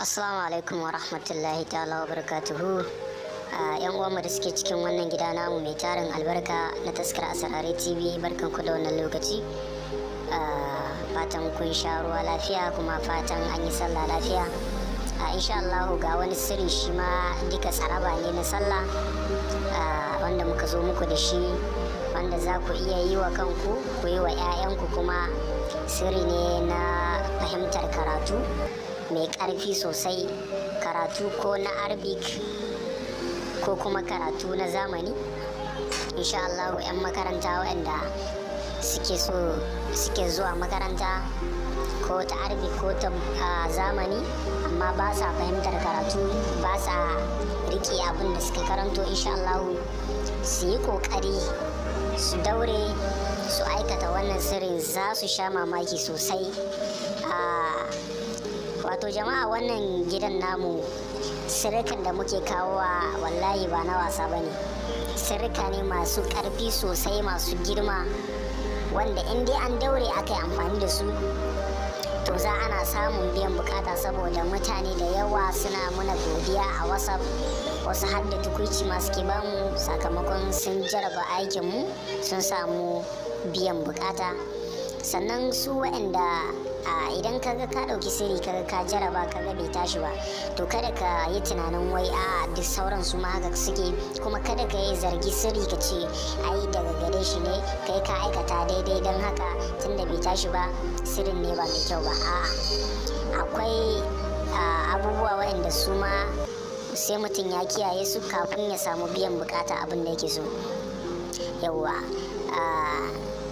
assalamu alaikum wa rahmatullahi ta'ala wa barakatuhu ah, yan uwanmu da suke cikin wannan gida namu mai tarin albarka na taskar asarare tv barkan ku da wannan lokaci ah, fatan kun sha ruwa lafiya kuma fatan an yi sallah lafiya ah, insha Allahu ga wani sirri shi ma duka tsaraba ne na sallah wanda muka zo muku da shi wanda za ku iya yi wa kanku ku yi wa 'ya'yanku kuma sirri ne na fahimtar karatu mai ƙarfi sosai karatu ko na arabic ko kuma karatu na zamani insha Allah 'yan makaranta waɗanda suke zuwa makaranta ko ta arabic ko ta zamani amma ba sa fahimtar karatu ba sa riƙe abin da suka karanto insha Allah su yi ƙoƙari su daure su aikata wannan sirrin za su sha mamaki sosai wato jama'a wannan gidan namu sirikan da muke kawo wa wallahi ba na wasa ba ne sirika ne masu ƙarfi sosai masu girma wanda in dai an daure aka yi amfani da su to za ana samun biyan bukata saboda mutane da yawa suna muna godiya a whatsapp wasu har da tukuici masu ke bamu sakamakon sun jaraba aikinmu sun samu biyan bukata sannan su waɗanda idan kaga ka dauki sirri kaga ka jaraba kaga bai tashi ba to kada ka yi tunanin wai a duk sauran su ma haka suke kuma kada ka yi zargi sirri ka ce ai daga gare shi ne kai ka aikata daidai don haka tunda bai tashi ba sirrin ne ba mai kyau ba a akwai abubuwa waɗanda su ma sai mutum ya kiyaye su kafin ya samu biyan bukata abin da yake so yawwa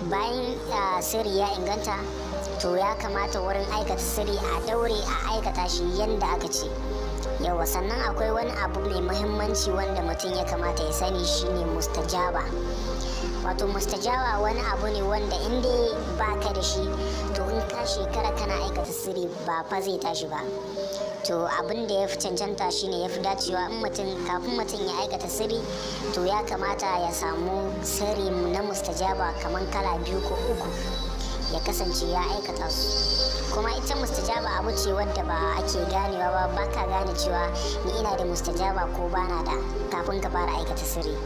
bayan sirri ya inganta to ya kamata wurin aikata sirri a daure a aikata shi yadda aka ce yawa sannan akwai wani abu mai muhimmanci wanda mutum ya kamata ya sani shine mustajaba wato mustajaba wani abu ne wanda inda ba ka da shi to in ka shekara kana aikata sirri ba fa zai tashi ba to abin da ya fi cancanta shine ya fi dacewa in mutum kafin mutum ya aikata sirri to ya kamata ya samu sirri na mustajaba kamar kala biyu ko uku ya kasance ya aikata su kuma ita mustajaba abu ce wadda ba ake ganewa ba ba ka gane cewa ni ina da mustajaba ko bana da kafin ka fara aikata sirri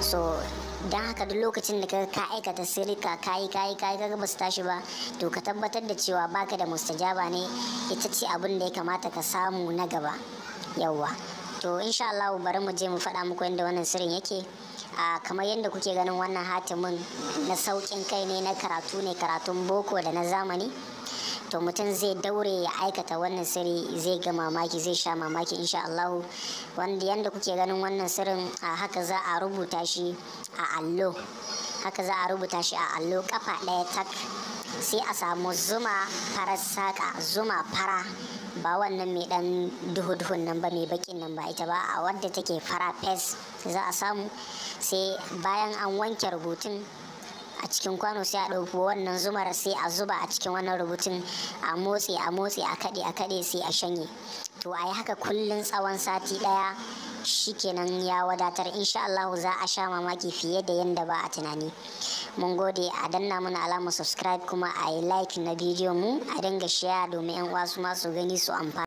so don haka duk lokacin da ka aikata sirri ka kayi kayi kayi ka ba su tashi ba to ka tabbatar da cewa baka da mustajaba ne ita ce abin da ya kamata ka samu na gaba yawwa to insha Allah bari mu je mu faɗa muku yadda wannan sirrin yake a kamar yadda kuke ganin wannan hatimin na saukin kai ne na karatu ne karatun boko da na zamani to mutum zai daure ya aikata wannan sirri zai ga mamaki zai sha mamaki insha Allah wanda yadda kuke ganin wannan sirrin a haka za a rubuta shi a allo haka za a rubuta shi a allo kafa ɗaya tak sai a samu zuma farar saka zuma fara ba wannan mai dan duhu-duhun nan ba mai bakin nan ba ita ba a wadda take fara fes za a samu sai bayan an wanke rubutun a cikin kwano sai a ɗauko wannan zumar sai a zuba a cikin wannan rubutun a motsi a motsi a kaɗe a kaɗe sai a shanye to a yi haka kullum tsawon sati ɗaya shi kenan ya wadatar insha Allah za a sha mamaki fiye da yadda ba a tunani mun gode a danna mana alamar subscribe kuma a yi like na bidiyon mu a dinga share domin yan uwa su ma su gani su amfana